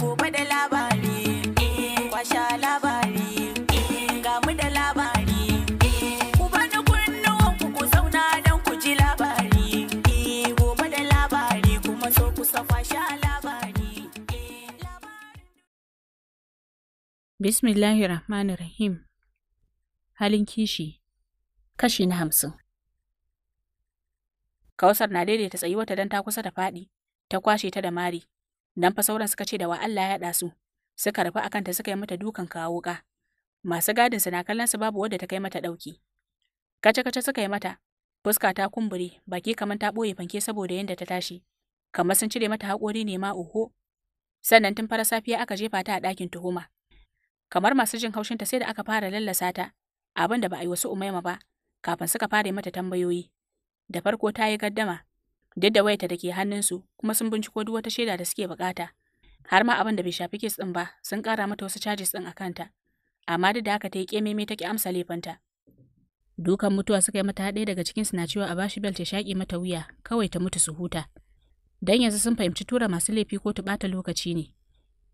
gobe da labari eh, kwasha labari eh, ga mu da labari eh, ku bani kunnuwan ku ku zauna don ku ji labari gobe da labari kuma so ku sa kwasha labari bismillahir rahmanir rahim halin kishi kashi na hamsin Kausar na daidaita tsayuwarta don ta kusa ta faɗi, ta kwashe ta da mari, Nan fa sauran suka ce da wa Allah ya haɗa su, suka akan akanta suka yi mata dukan kawo ka. Masu gadinsa na kallon su babu wadda ta kai mata ɗauki. Kace-kace suka yi mata, fuska ta kumbure, baki kamar ta ɓoye fanke saboda yadda ta tashi, kamar sun cire mata haƙori ne ma oho. Sannan tun fara safiya aka jefa ta a ɗakin tuhuma. Kamar masu jin haushinta sai da aka fara lallasa ta, abin da ba a yi wasu umaima ba, kafin suka fara mata tambayoyi. Da farko ta yi gaddama, duk da wayarta da ke hannunsu kuma sun binciko duk wata shaida da suke bukata. Har ma abin da bai shafi kes ɗin ba sun kara mata wasu charges ɗin a kanta. Amma duk da haka ta yi ƙememe ta ki amsa laifinta. Dukan mutuwa suka yi mata ɗaya daga cikinsu na cewa a bashi bel ta shaƙe mata wuya kawai ta mutu su huta. Dan yanzu sun fahimci tura masu laifi ko ta ɓata lokaci ne.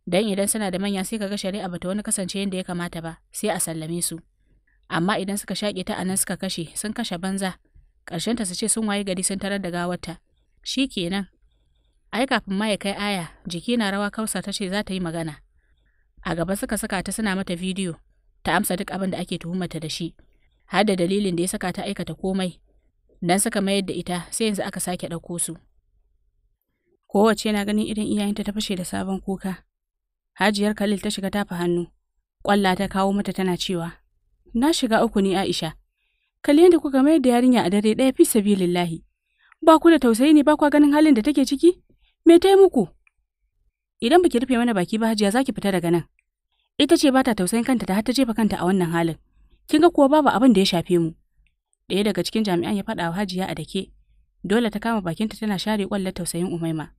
Dan idan suna da manya sai kaga shari'a bata wani kasance yadda ya kamata ba sai a sallame su. Amma idan suka shaƙe ta a nan suka kashe sun kashe banza. ta su ce sun waye gari sun tarar da gawarta. Shi kenan. Ai kafin ma ya kai aya, jiki na rawa kausa ta ce za ta yi magana. A gaba suka saka ta suna mata bidiyo, ta amsa duk abin da ake tuhumarta da shi, har da dalilin da ya saka ta aikata komai. Dan suka mayar da ita sai yanzu aka sake ɗauko su. Kowace na ganin idan iyayenta ta fashe da sabon kuka. Hajiyar Khalil ta shiga tafa hannu. Ƙwalla ta kawo mata tana cewa, Na shiga uku ne Aisha. Kalli yadda kuka mayar da yarinya a dare ɗaya fi sabilillahi. Ba ku da tausayi ne ba kwa ganin halin da take ciki? Me ta yi muku? Idan baki rufe mana baki ba hajiya za ki fita daga nan. Ita ce ba ta tausayin kanta da har ta jefa kanta a wannan halin. Kin ga kuwa babu abin da ya shafe mu. Ɗaya daga cikin jami'an ya faɗa wa hajiya a dake. Dole ta kama bakinta tana share ƙwallon tausayin Umaima.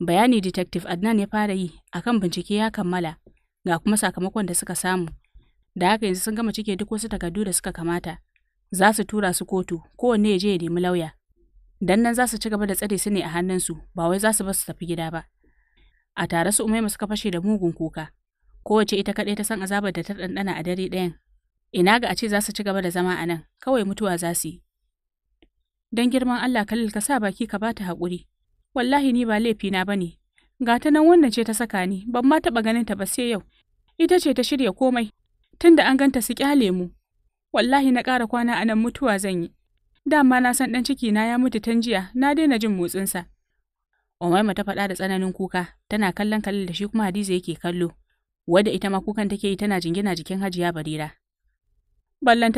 Bayani Detective Adnan ya fara yi akan bincike ya kammala ga kuma sakamakon da suka samu. Da haka yanzu sun gama cike duk wasu takardu da suka kamata. Za su tura su kotu kowanne ya je ya nemi lauya. Dan nan za su ci gaba da tsare su ne a hannunsu, ba wai za su bar su tafi gida ba. A tare su Umaima suka fashe da mugun kuka. Kowace ita kaɗai ta san azabar da ta ɗanɗana a dare ɗayan. Ina ga a ce za su ci gaba da zama a nan, kawai mutuwa za su yi. Don girman Allah Khalil ka sa baki ka bata haƙuri. Wallahi ni ba laifi na ba ne. Ga ta nan wannan ce ta saka ni, ban ma taɓa ganin ta ba sai yau. Ita ce ta shirya komai, tunda an ganta su ƙyale mu. Wallahi na kara kwana a nan mutuwa zan yi. Dama na san ɗan ciki na ya mutu tan jiya, na daina jin motsinsa. Umaima ta faɗa da tsananin kuka, tana kallon Khalil da shi kuma Hadiza yake kallo, wadda ita ma kukan take yi tana jingina jikin Hajiya Barira.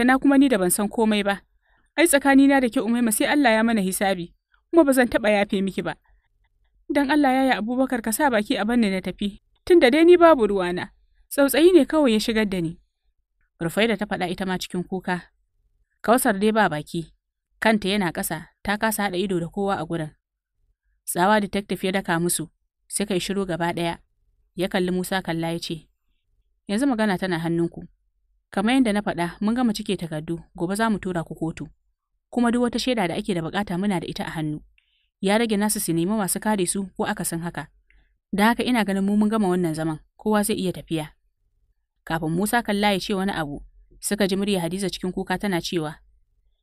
na kuma ni da ban san komai ba. Ai na da ke Umaima sai Allah ya mana hisabi, kuma ba zan taɓa yafe miki ba. Dan Allah ya yi Abubakar ka sa baki a banne na tafi, tun da dai ni babu ruwana. Tsautsayi ne kawai ya shigar da ni. Rufai da ta faɗa ita ma cikin kuka. Kausar dai ba baki, Kanta yana ƙasa, ta kasa haɗa ido da kowa a gurin. Tsawa detective ya daka musu, suka yi shiru gaba ɗaya. Ya kalli Musa kalla ya ce, Yanzu magana tana hannunku. Kamar yadda na faɗa, mun gama cike takardu, gobe za mu tura ku kotu. Kuma duk wata shaida da ake da bukata muna da ita a hannu. Ya rage nasu su nemi masu kare su ko akasin haka. Da haka ina ganin mu mun gama wannan zaman, kowa zai iya tafiya. Kafin Musa kalla ya ce wani abu, suka ji murya Hadiza cikin kuka tana cewa,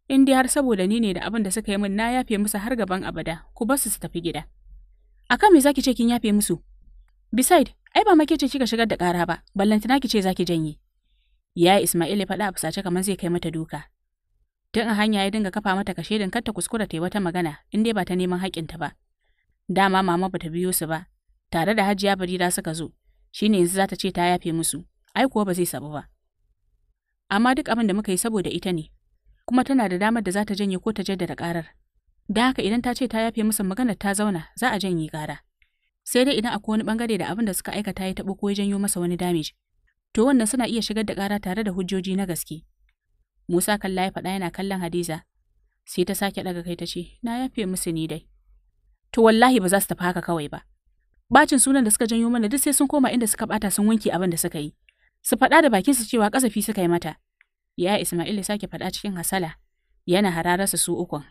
in dai har saboda ni ne da abin da suka yi min na yafe musu har gaban abada ku bar su su tafi gida akan me zaki ce kin yafe musu beside ai ba make ce kika shigar da kara ba ballantana ki ce zaki janye ya Ismail ya faɗa a fusace kamar zai kai mata duka tun a hanya ya dinga kafa mata kashe din kar ta kuskura ta yi wata magana in dai ba ta neman ta ba dama mama bata biyo su ba tare da Hajiya Barira suka zo shine yanzu za ta ce ta yafe musu ai kuwa ba zai sabu ba amma duk abin da muka yi saboda ita ne kuma tana da damar da za ta janye ko ta jaddada ƙarar. Da haka idan ta ce ta yafe musu maganar ta zauna, za a janye ƙara. Sai dai idan akwai wani bangare da abin da suka aikata ya taɓo ko ya janyo masa wani damage. To wannan suna iya shigar da ƙara tare da hujjoji na gaske. Musa kalla ya faɗa yana kallon Hadiza. Sai ta sake ɗaga kai ta ce, na yafe musu ni dai. To wallahi ba za su tafi haka kawai ba. Bacin sunan da suka janyo mana duk sai sun koma inda suka bata sun wanke abin da suka yi. Su faɗa da bakinsu cewa kasafi suka yi mata. Ya Ismail ya sake faɗa cikin hasala, yana hararsa su ukun.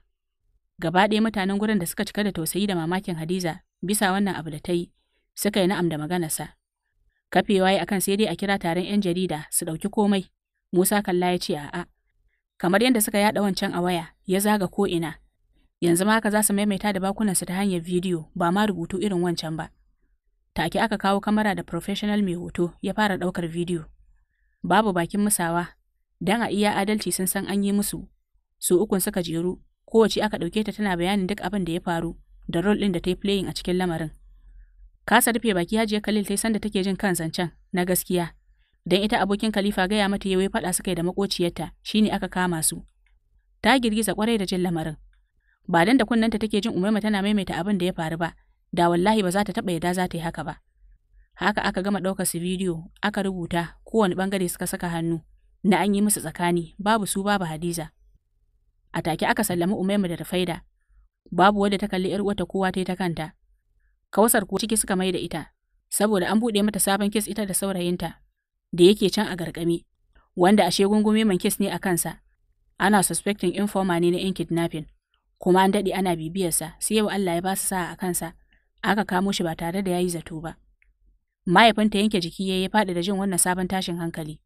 Gaba ɗaya mutanen gurin da suka cika da tausayi da mamakin Hadiza bisa wannan abu da ta yi, suka yi na'am da maganarsa. Kafewa ya akan sai dai a kira taron 'yan jarida su ɗauki komai, Musa Kalla ya ce a'a. Kamar yadda suka yaɗa wancan a waya, ya zaga ko ina. Yanzu ma haka za su maimaita da bakunansu ta hanyar bidiyo ba ma rubutu irin wancan ba. Take aka kawo kamara da professional mai hoto ya fara ɗaukar bidiyo. Babu bakin musawa, Dan a iya adalci sun san an yi musu. Su ukun suka jeru, kowace aka ɗauke ta tana bayanin duk abin da ya faru da rol ɗin da ta yi playing a cikin lamarin. Kasa rufe baki Hajiya Khalil ta yi sanda take jin kan zancen na gaskiya. Dan ita abokin Khalifa gaya mata yawai faɗa suka yi da makociyarta shine aka kama su. Ta girgiza kwarai da jin lamarin. Ba dan da kunnanta take jin Umaima tana maimaita abin da ya faru ba, da wallahi ba za ta taɓa yadda za ta yi haka ba. Haka aka gama ɗaukar su bidiyo, aka rubuta, kowane bangare suka saka hannu, na an yi musu tsakani babu su babu Hadiza. A take aka sallami Umaimu da Rufaida, babu wadda ta kalli 'yar uwarta kowa ta yi ta kanta. Kawasar ko ciki suka mai da ita, saboda an buɗe mata sabon kes ita da saurayinta, da yake can a gargami. wanda ashe gungume man kes ne a kansa. Ana suspecting informer ne na in kidnapping, kuma an daɗe ana bibiyarsa sai yau Allah ya ba su sa'a a kansa, aka kamo shi ba tare da ya yi zato ba. Mahaifinta yanke jiki ya yi faɗi da jin wannan sabon tashin hankali.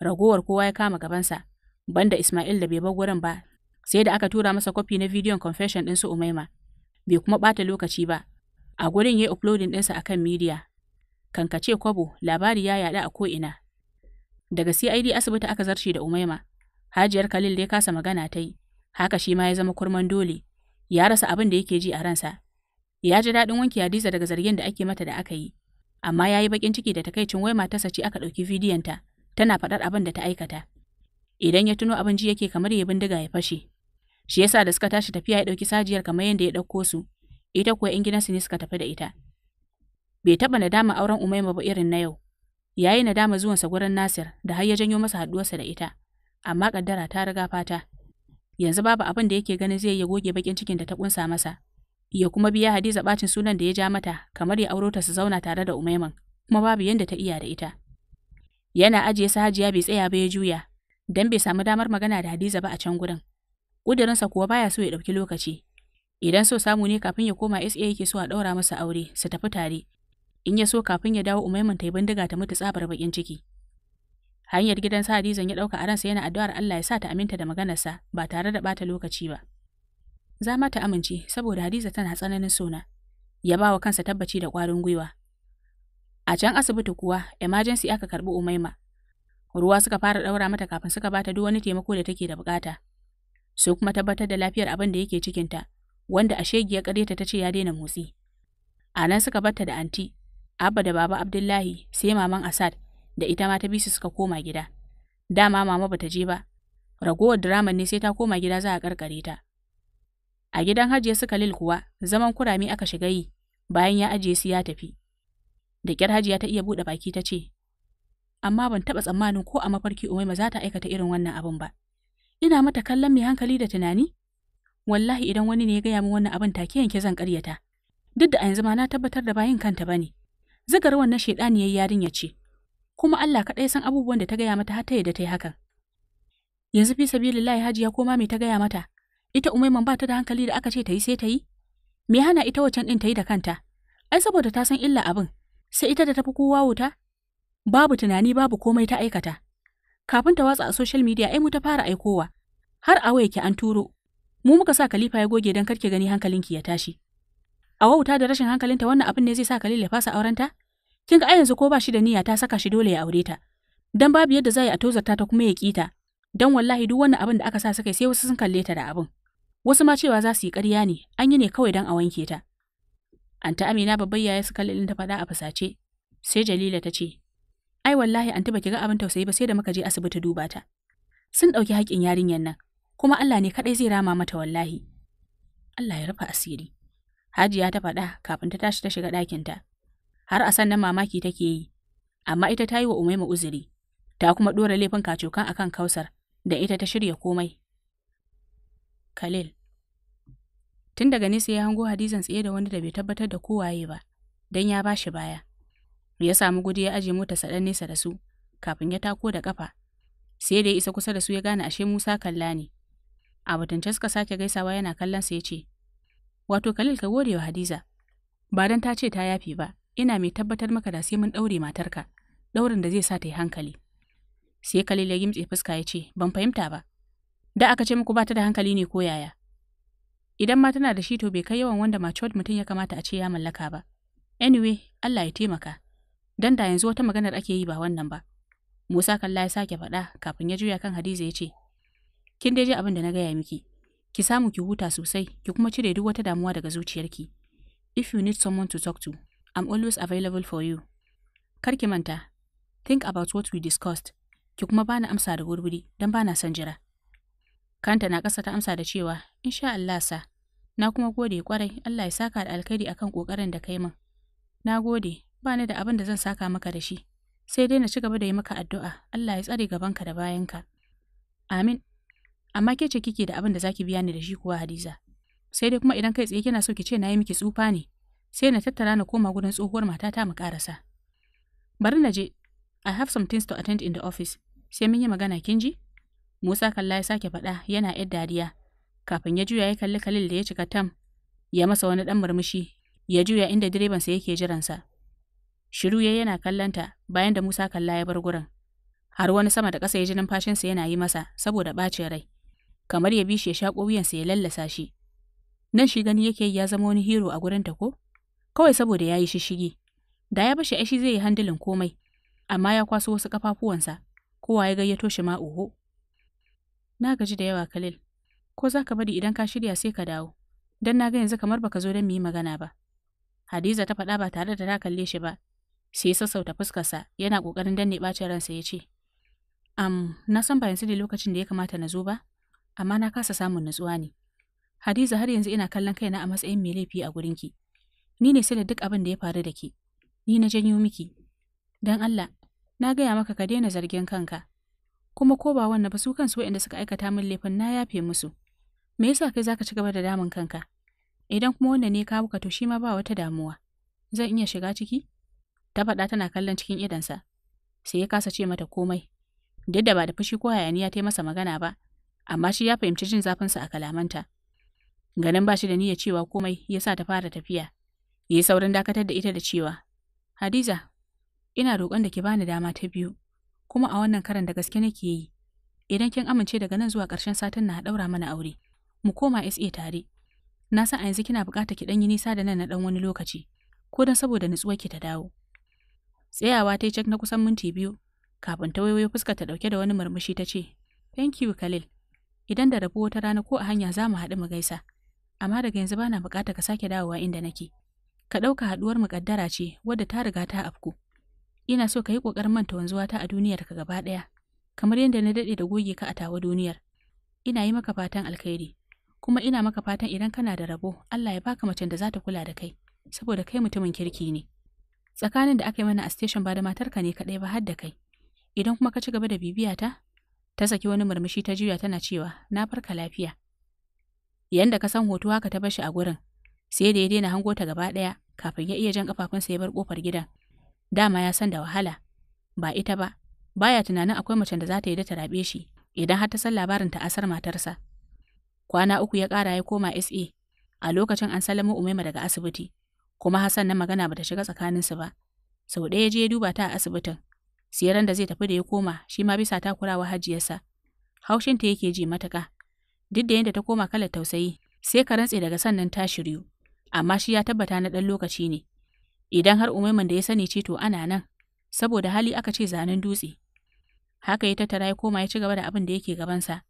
ragowar kowa ya kama gabansa, banda Ismail da bai bar gurin ba, sai da aka tura masa kwafi na bidiyon confession ɗin su Umaima, bai kuma ɓata lokaci ba, a gurin ya yi uploading ɗinsa a kan media. Kankace kwabo labari ya yaɗu a ko'ina. Daga CID asibiti aka zarce da Umaima, Hajiyar Khalil dai kasa magana ta yi, haka shi ma ya zama kurman dole, ya rasa abin da yake ji a ransa. Ya ji daɗin wanke Hadiza daga zargin da ake mata da aka yi, amma ya yi baƙin ciki da takaicin wai matarsa ce aka ɗauki ta. tana faɗar abin da ta aikata. Idan ya tuno abin ji yake kamar ya bindiga ya fashe. Shi yasa da suka tashi tafiya ya ɗauki sajiyar kamar yadda ya ɗauko su, ita kuwa ‘yan gidansu ne suka tafi da ita. Bai taɓa nadama auren Umaima ba irin na yau. Ya yi nadama zuwansa gurin Nasir da har ya janyo masa haɗuwarsa da ita, amma ƙaddara ta riga fata. Yanzu babu abin da yake ganin zai ya goge baƙin cikin da ta ƙunsa masa, ya kuma biya Hadiza bacin sunan da ya ja mata kamar ya auro ta su zauna tare da Umaiman, kuma babu yadda ta iya da ita. Yana ajiye su Hajiya bai tsaya ba ya juya, dan bai samu damar magana da Hadiza ba a can gurin. Ƙudurinsa kuwa baya so ya dauki lokaci. Idan so samu ne kafin ya koma SA yake so a daura masa aure, su tafi tare. In ya so kafin ya dawo Umaiman ta bindiga ta mutu tsabar bakin ciki. Hanyar gidan sa Hadizan ya ɗauka a ransa yana addu'ar Allah ya sa ta aminta da maganarsa ba tare da bata lokaci ba. Za ma ta amince saboda Hadiza tana tsananin sona. Ya ba kansa tabbaci da ƙwarin gwiwa. A can asibiti kuwa, emergency aka karɓi Umaima. Ruwa suka fara ɗaura mata kafin suka bata duk wani taimako da take da buƙata. Su kuma tabbatar da lafiyar abin da yake cikinta, wanda a shegiyar ƙareta ta ce ya daina motsi. A nan suka batta da anti, Abba da Baba Abdullahi, sai maman Asad, da ita ma ta bisu suka koma gida. Dama mama bata je ba, ragowar diraman ne sai ta koma gida za a karkare ta. A gidan Hajiya suka lil kuwa zaman kurami aka shiga yi bayan ya ajiye su ya tafi. Da kyar hajiya ta iya buɗe baki ta ce, Amma ban taɓa tsammanin ko a mafarki Umaima za ta aikata irin wannan abin ba. Ina mata kallon mai hankali da tunani? Wallahi idan wani ne ya gaya min wannan abin take yanke zan ƙaryata. Duk da a yanzu ma na tabbatar da bayin kanta ba ne. Zagar wannan yarin ya ce. Kuma Allah kaɗai san abubuwan da ta gaya mata har ta yadda ta yi hakan. Yanzu fi sabilillahi hajiya ko ma mai ta gaya mata? Ita Umaiman ba ta da hankali da aka ce ta yi sai ta yi? Me hana ita wacan ɗin ta yi da kanta? Ai saboda ta san illa abin, sai ita da tafi kowa wuta? Babu tunani babu komai ta aikata. Kafin ta watsa a social media ai mu ta fara aikowa. Har a ki an turo. Mu muka sa Khalifa ya goge dan karki gani hankalinki ya tashi. A wauta da rashin hankalinta wannan abin ne zai sa Khalil ya fasa aurenta? Kin ga a yanzu ko ba shi da niyya ta saka shi dole ya aure ta. Dan babu yadda za a tozarta ta kuma ya kita. Dan wallahi duk wannan abin da aka sa suka sai wasu sun kalle ta da abin. Wasu ma cewa za su yi ƙarya ne, an yi ne kawai dan a wanke ta. Anta Amina babbar yaya su kalli ta faɗa a fasace. Sai Jalila ta ce, Ai wallahi anti baki ga abin tausayi ba sai da muka je asibiti duba ta. Sun ɗauki haƙƙin yarinyar nan, kuma Allah ne kaɗai zai rama mata wallahi. Allah ya rufe asiri. Hajiya ta faɗa kafin ta tashi ta shiga ɗakinta. Har a sannan mamaki take yi, amma ita ta yi wa Umaima uzuri, ta kuma ɗora laifin kacokan akan Kausar, da ita ta shirya komai. Khalil, Tun daga nesa ya hango Hadizan tsaye da wanda da bai tabbatar da kowaye ba, don ya ba shi baya. Ya samu gudu ya aje mota saɗan nesa da su, kafin ya tako da ƙafa. Sai da ya isa kusa da su ya gane ashe Musa kalla ne. A batunce suka sake gaisawa yana kallon sa ya ce, Wato Khalil ka gode wa Hadiza, ba don ta ce ta yafi ba, ina mai tabbatar maka da sai mun ɗaure matarka, ɗaurin da zai sa ta yi hankali. Sai Khalil ya gimtse fuska ya ce, Ban fahimta ba. Da aka ce muku ba ta da hankali ne ko yaya? Idan ma tana da shi to bai kai yawan wanda matured mutum ya kamata a ce ya mallaka ba. Anyway, Allah ya taimaka. Dan da yanzu wata maganar ake yi ba wannan ba. Musa kalla ya sake faɗa kafin ya juya kan Hadiza ya ce, Kin dai ji abin da na gaya miki. Ki samu ki huta sosai, ki kuma cire duk wata damuwa daga zuciyarki. If you need someone to talk to, I'm always available for you. Kar ki manta, think about what we discussed. ki kuma bani amsa da wurwuri dan bana son jira. Kanta na ƙasa ta amsa da cewa, Insha Allah sa, na kuma gode kwarai Allah ya saka da alkhairi akan ƙoƙarin da kai min. Na gode, ba ni da abin da zan saka maka da shi, sai dai na ci gaba da yi maka addu'a, Allah ya tsare gabanka da bayanka. Amin. Amma ke ce kike da abin da zaki biya ni da shi kuwa Hadiza. Sai dai kuma idan kai tsaye kina so ki ce na yi miki tsufa ne, sai na tattara na koma gurin tsohuwar matata mu karasa. Bari na je, I have some things to attend in the office, sai mun yi magana kin ji? Musa kalla ya sake faɗa yana ‘yar dariya, kafin ya juya ya kalli Khalil da ya cika tam, ya masa wani ɗan murmushi, ya juya inda direbansa yake jiransa. Shiru ya yana kallanta bayan da Musa kalla ya bar gurin. Har wani sama da ƙasa ya ji numfashinsa yana yi masa saboda ɓacin rai, kamar ya bi shi ya shaƙo wuyansa ya lallasa shi. Nan shi gani yake ya zama wani hero a gurinta ko? Kawai saboda ya yi shishigi. Da ya bashi aishi zai yi handilin komai, amma ya kwaso wasu kafafuwansa kowa ya gayyato shi ma oho. Na gaji da yawa Khalil. Ko za ka bari idan ka shirya sai ka dawo. Dan na ga yanzu kamar baka zo don mu yi magana ba. Hadiza ta faɗa ba tare da ta kalle shi ba. Sai sassauta fuskarsa yana ƙoƙarin danne ɓacin ransa ya ce. Am, na san ba yanzu ne lokacin da ya kamata na zo ba, amma na kasa samun nutsuwa ne. Hadiza har yanzu ina kallon kaina a matsayin mai laifi a gurinki. Ni ne sai da duk abin da ya faru da ke. Ni na janyo miki. Dan Allah, na gaya maka ka daina zargin kanka. kuma ko ba wannan ba su kansu waɗanda suka aikata min laifin na yafe musu me yasa kai zaka ci gaba da damun kanka idan kuma wannan ne kawo kato to shi ma ba wata damuwa zan iya shiga ciki ta faɗa tana kallon cikin idonsa sai ya kasa ce mata komai duk da ba da fushi ko hayaniya ta masa magana ba amma shi ya fahimci jin zafinsa a kalamanta ganin ba shi da niyyar cewa komai ya sa ta fara tafiya ya yi saurin dakatar da ita da cewa hadiza ina roƙon da ki bani dama ta biyu kuma a wannan karan da gaske nake yi idan kin amince daga nan zuwa ƙarshen satin na ɗaura mana aure mu koma SA tare na san a yanzu kina buƙatar ki ɗan yi nisa da nan na ɗan wani lokaci ko don saboda nutsuwar ki ta dawo tsayawa ta yi cak na kusan minti biyu kafin ta wayoyi fuskar ta ɗauke da wani murmushi ta ce thank you Khalil idan da rabu wata rana ko a hanya za mu haɗu mu gaisa amma daga yanzu bana buƙatar ka sake dawowa inda nake ka ɗauka haɗuwar mu kaddara ce wadda ta riga ta afku ina so ka yi ƙoƙarin manta wanzuwa ta a duniyar ka gaba ɗaya kamar yadda na daɗe da goge ka a tawa duniyar ina yi maka fatan alkhairi kuma ina maka fatan idan kana da rabo Allah ya baka macen da za ta kula da kai saboda kai mutumin kirki ne tsakanin da aka yi mana a station ba da matarka ne kaɗai ba har da kai idan kuma ka ci gaba da bibiya ta ta saki wani murmushi ta juya tana cewa na farka lafiya yanda ka san hoto haka ta bashi a gurin sai da ya daina hango ta gaba ɗaya kafin ya iya jan kafafunsa ya bar kofar gidan dama ya san da wahala ba ita ba baya tunanin akwai macen da za ta yi da ta rabe shi idan har ta san labarin ta asar matarsa kwana uku ya ƙara ya koma SA a lokacin an salamo Umaima daga asibiti kuma Hassan na magana bata shiga su ba sau ɗaya je ya duba ta a asibitin siyaran da zai tafi da ya koma shi ma bisa takurawa hajiyarsa haushin ta yake ji mataka duk da yadda ta koma kalar tausayi sai ka rantse daga sannan ta shiryu amma shi ya tabbata na ɗan lokaci ne Idan har umaiman da ya sani ce to ana nan, saboda hali aka ce zanen dutse. Haka ya tattara ya koma ya ci gaba da abin da yake gabansa.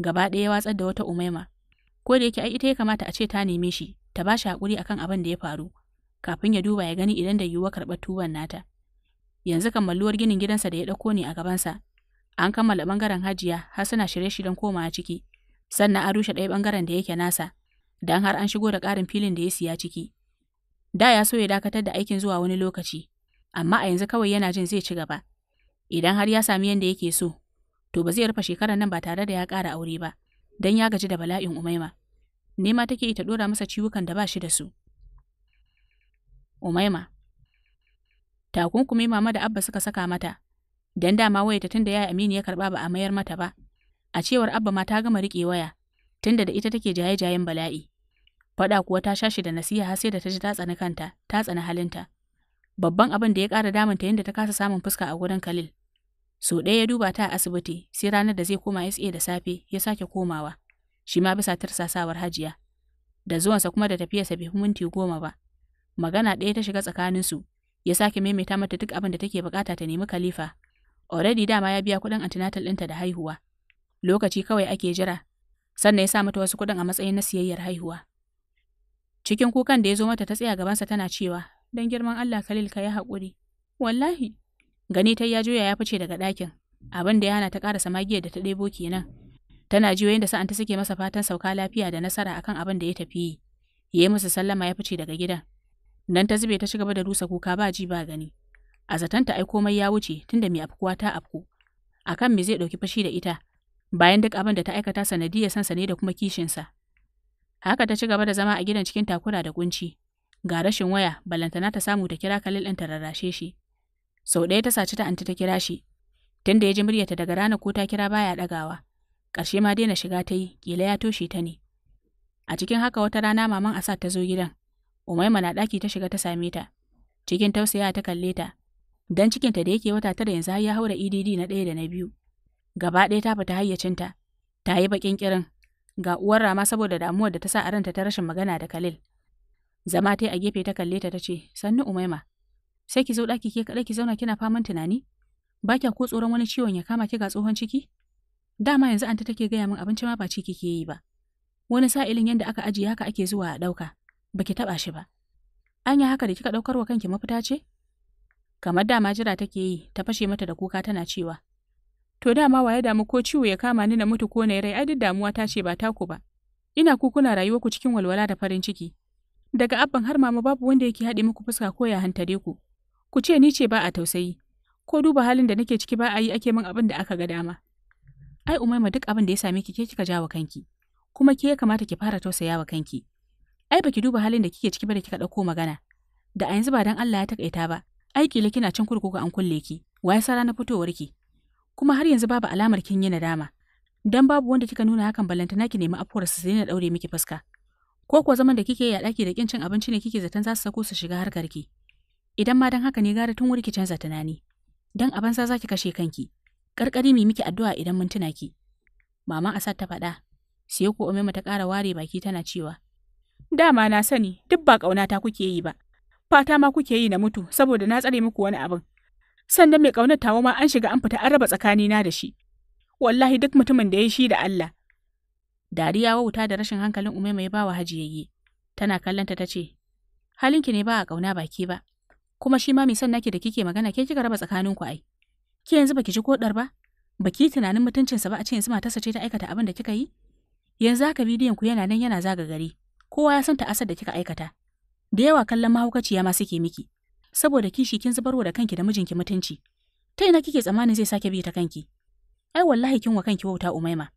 Gaba ɗaya ya watsar da wata umaima. Ko da yake ai ita ya kamata a ce ta neme shi, ta ba shi haƙuri akan abin da ya faru, kafin ya duba ya gani idan da yiwuwa karɓar tuban nata. Yanzu kammaluwar ginin gidansa da ya ɗauko ne a gabansa. An kammala ɓangaren hajiya har suna shirye-shiryen komawa ciki, sannan an rushe ɗaya ɓangaren da yake nasa, Dan har an shigo da ƙarin filin da ya siya ciki. Da ya so ya dakatar da aikin zuwa wani lokaci, amma a yanzu kawai yana jin zai ci gaba. Idan har ya sami yadda yake so, to ba zai rufe shekarar nan ba tare da ya ƙara aure ba, don ya gaji da bala'in Umaima. Nema take ita ɗora masa ciwukan da ba shi da su. Umaima Takunkumi mama da Abba suka saka mata, don dama wayata tun da yaya Aminu ya karɓa ba a mayar mata ba, a cewar Abba ma ta gama riƙe waya, tunda da ita take jaye-jayen bala'i. Faɗa kuwa ta shashi da nasiha har sai da ta ji ta tsani kanta, ta tsani halinta. Babban abin da ya ƙara damunta yadda ta kasa samun fuska a gurin Khalil. So ɗaya ya duba ta a asibiti, sai ranar da zai koma SA da safe ya sake komawa, shi ma bisa tirsasawar hajiya. Da zuwansa kuma da tafiyarsa bai fi minti goma ba. Magana ɗaya ta shiga tsakaninsu, ya sake maimaita mata duk abin da take bukata ta nemi Khalifa. Already dama ya biya kuɗin antenatal ɗinta da haihuwa. Lokaci kawai ake jira, sannan ya sa mata wasu kuɗin a matsayin na siyayyar haihuwa. Cikin kukan da ya zo mata ta tsaya gabansa tana cewa, don girman Allah Khalil ka yi haƙuri. Wallahi, gani ta ya juya ya fice daga dakin. abin da ya hana ta ƙarasa magiyar da ta ɗebo kenan. Tana jiyoyin da sa'anta suke masa fatan sauka lafiya da nasara akan abin da ya tafi yi. Ya yi musu sallama ya fice daga gidan. Nan ta zube ta ci gaba da rusa kuka ba ji ba gani. A ta ai komai ya wuce tunda mai afkuwa ta afku. Akan me zai ɗauki fashi da ita, bayan duk abin da ta aikata sanadiyar sansa ne da kuma kishinsa. Haka ta ci gaba da zama a gidan cikin takura da kunci. Ga rashin waya, balantana ta samu ta kira Khalil ɗin ta rarrashe shi. Sau ɗaya ta saci ta anti ta kira shi. Tunda ya ji muryarta daga ranar ko ta kira baya ɗagawa. Ƙarshe ma daina shiga ta yi, ƙila ya toshe ta ne. A cikin haka wata rana maman Asad ta zo gidan. Umaima na ɗaki ta shiga ta same ta. Cikin tausaya ta kalle ta. Dan cikinta da yake wata tara yanzu har ya haura EDD na ɗaya da na biyu. Gaba ɗaya ta fita hayyacinta. Ta yi baƙin kirin ga uwar rama saboda damuwar da ta sa a ranta ta rashin magana da Khalil. Zama ta a gefe ta kalle ta ta ce, "Sannu Umaima, sai ki zo ɗaki ke kaɗai ki zauna kina faman tunani? Ba kya ko tsoron wani ciwon ya kama ki ga tsohon ciki?" Dama yanzu anta take gaya min abinci ma ba ci ke yi ba. Wani sa'ilin yadda aka ajiye haka ake zuwa a ɗauka, ba ki taɓa shi ba. Anya haka da kika ɗaukar wa kanki mafita ce? Kamar dama jira take yi, ta fashe mata da kuka tana cewa, To dama wa ya damu ko ciwo ya kama ni na mutu ko na rai ai duk damuwa ta ce ba taku ba. Ina ku kuna rayuwa ku cikin walwala da farin ciki. Daga abban har mama babu wanda yake haɗe muku fuska ko ya hantare ku. Ku ce ni ce ba a tausayi. Ko duba halin da nake ciki ba a yi ake min abin da aka ga dama. Ai Umaima duk abin da ya same ki ke kika jawa kanki. Kuma ke ya kamata ki fara wa kanki. Ai baki duba halin da kike ciki ba da kika ɗauko magana. Da a yanzu ba dan Allah ya takaita ba. Ai kila kina cin kurkuku an kulle ki. Wa ya sa fitowar ki? kuma har yanzu babu alamar kin yi nadama. Dan babu wanda kika nuna hakan ballantana ki nemi afuwar su sai na daure miki fuska. Ko kuwa zaman da kike yi a daki da kin cin abinci ne kike zaton za su sako su shiga harkar ki. Idan ma dan haka ne gara tun wuri ki canza tunani. Dan a banza za ki kashe kanki. Karkari mai miki addu'a idan mun tuna ki. Mama Asad ta faɗa. Sai ko Umema ta ƙara ware baki tana cewa. Dama na sani duk ba ƙaunata kuke yi ba. Fata ma kuke yi na mutu saboda na tsare muku wani abin. sannan mai ƙaunar tawa ma an shiga an fita an raba tsakanina da shi wallahi duk mutumin da ya shi da Allah dariya wauta da rashin hankalin umaima ya bawa yayi. tana kallanta ta ce halinki ne ba a ƙauna baki ba kuma shi ma mai son naki da kike magana ke kika raba tsakaninku ai ki yanzu baki ji kodar ba baki tunanin mutuncinsa ba a ce yanzu matarsa ce ta aikata abin da kika yi yanzu haka bidiyon ku yana nan yana zaga gari kowa ya san ta'asar da kika aikata da yawa kallon mahaukaciya ma suke miki saboda kishi kin zubarwa da kanki da mijinki mutunci ta ina kike tsammanin zai sake bi ta kanki ai wallahi kin wa kanki wauta umaima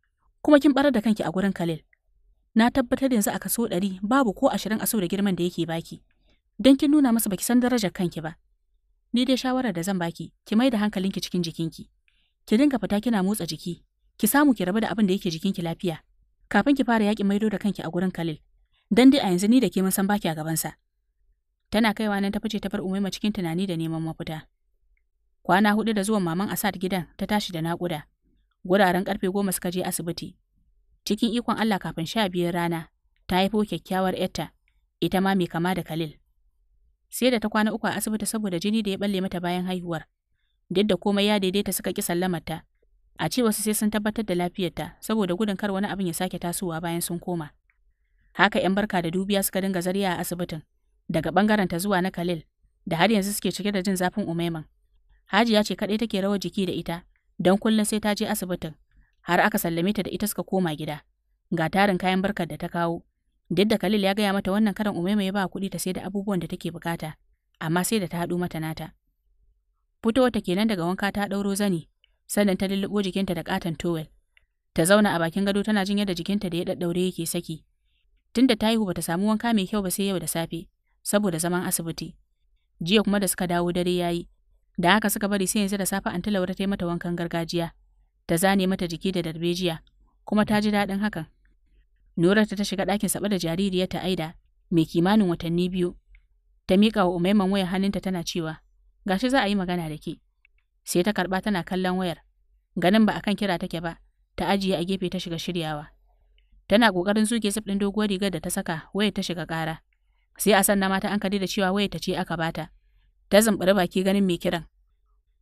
kuma kin barar da kanki a gurin kalil na tabbatar da yanzu a kaso ɗari babu ko ashirin a sau da girman da yake baki don kin nuna masa baki san darajar kanki ba ni dai shawarar da zan baki ki mai da hankalinki cikin jikinki ki dinga fita kina motsa jiki ki samu ki rabu da abin da yake jikinki lafiya kafin ki fara yaƙin maido da kanki a gurin kalil dan dai a yanzu ni da ke mun san baki a gabansa. Tana kaiwa nan ta fice ta bar Umaima cikin tunani da neman mafita. Kwana hudu da zuwan maman Asad gidan ta tashi da naƙuda. Guraren karfe goma suka je asibiti. Cikin ikon Allah kafin sha biyar rana ta haifo kyakkyawar yarta, ita ma mai kama da Khalil. Sai da ta kwana uku a asibiti saboda jini da ya balle mata bayan haihuwar. Duk da komai ya daidaita suka ki sallamarta. A ce wasu sai sun tabbatar da lafiyarta saboda gudun kar wani abin ya sake tasowa bayan sun koma. Haka 'yan barka da dubiya suka dinga zariya a asibitin. daga ta zuwa na Khalil, da har yanzu suke cike da jin zafin umaiman. Hajiya ce kaɗai take rawar jiki da ita, don kullum sai ta je asibitin, har aka sallame ta da ita suka koma gida. Ga tarin kayan barkar da ta kawo, duk da Khalil ya gaya mata wannan karin Umaiman ya ba kuɗi ta sai da abubuwan da take bukata, amma sai da ta haɗu mata nata. Fitowar ta kenan daga wanka ta ɗauro zani, sannan ta lulluɓo jikinta da ƙaton towel. Ta zauna a bakin gado tana jin yadda jikinta da ya ɗaɗɗaure yake saki. Tunda ta haihu bata samu wanka mai kyau ba sai yau da safe, saboda zaman asibiti. Jiya kuma da suka dawo dare ya yi, da haka suka bari sai yanzu da safe an laura ta mata wankan gargajiya, ta zane mata jiki da darbejiya, kuma ta ji daɗin hakan. nora ta shiga ɗakin saba da ta Aida, mai kimanin watanni biyu. Ta miƙa wa Umaiman wayar hannunta tana cewa, gashi za a yi magana da ke. Sai ta karɓa tana kallon wayar. Ganin ba a kan kira take ba, ta ajiye a gefe ta shiga shiryawa. Tana ƙoƙarin zuke zip ɗin doguwar rigar da ta saka wayar ta shiga ƙara. sai a sanna mata an kadi da cewa waya ta ce aka bata ta zumbura baki ganin mai kiran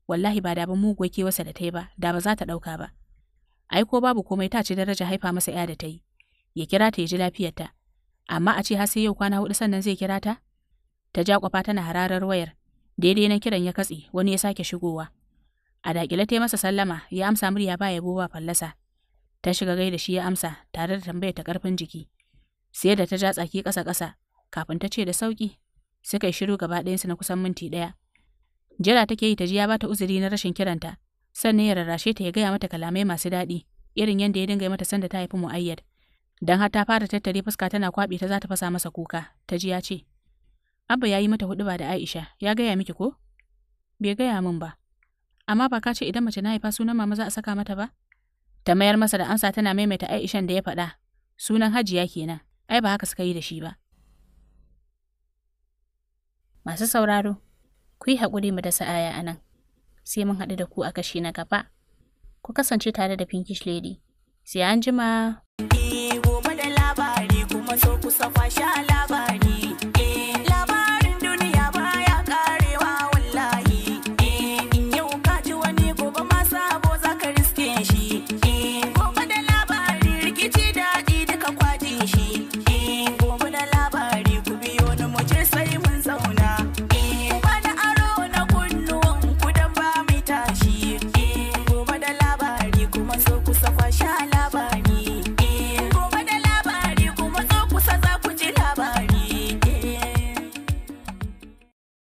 wallahi ba da ba muguwa ke wasa da ta yi ba da ba za ta ɗauka ba ai ko babu komai ta ce daraja haifa masa ya da ta yi ya kira ta ya ji lafiyarta amma a ce har sai yau kwana hudu sannan zai kira ta ta ja kwafa tana hararar wayar daidai na kiran ya katse wani ya sake shigowa a dakile ta masa sallama ya amsa murya ba yabo ba fallasa ta shiga gaida shi ya amsa tare da tambayar ta karfin jiki sai da ta ja tsaki kasa kasa kafin ta ce da sauki suka yi shiru gaba ɗayansu na kusan minti ɗaya. Jira take yi ta ji ya bata uzuri na rashin kiranta, sannan ya rarrashe ta ya gaya mata kalamai masu daɗi, irin yadda ya dinga mata sanda ta haifi mu'ayyad. Dan har ta fara tattare fuska tana kwaɓe ta za ta fasa masa kuka, ta ji ya ce, Abba ya yi mata huɗuba da Aisha, ya gaya miki ko? Bai gaya min ba. Amma ba ka ce idan mace na haifa sunan mama za a saka mata ba? Ta mayar masa da amsa tana maimaita Aishan da ya faɗa, sunan Hajiya kenan, ai ba haka suka yi da shi ba. Masu sauraro, ku yi haƙuri mu da sa'aya a nan, sai mun haɗu da ku a kashi na gaba. Ku kasance tare da Pinkish Lady, sai an jima. Gobe da labari kuma so safa shala.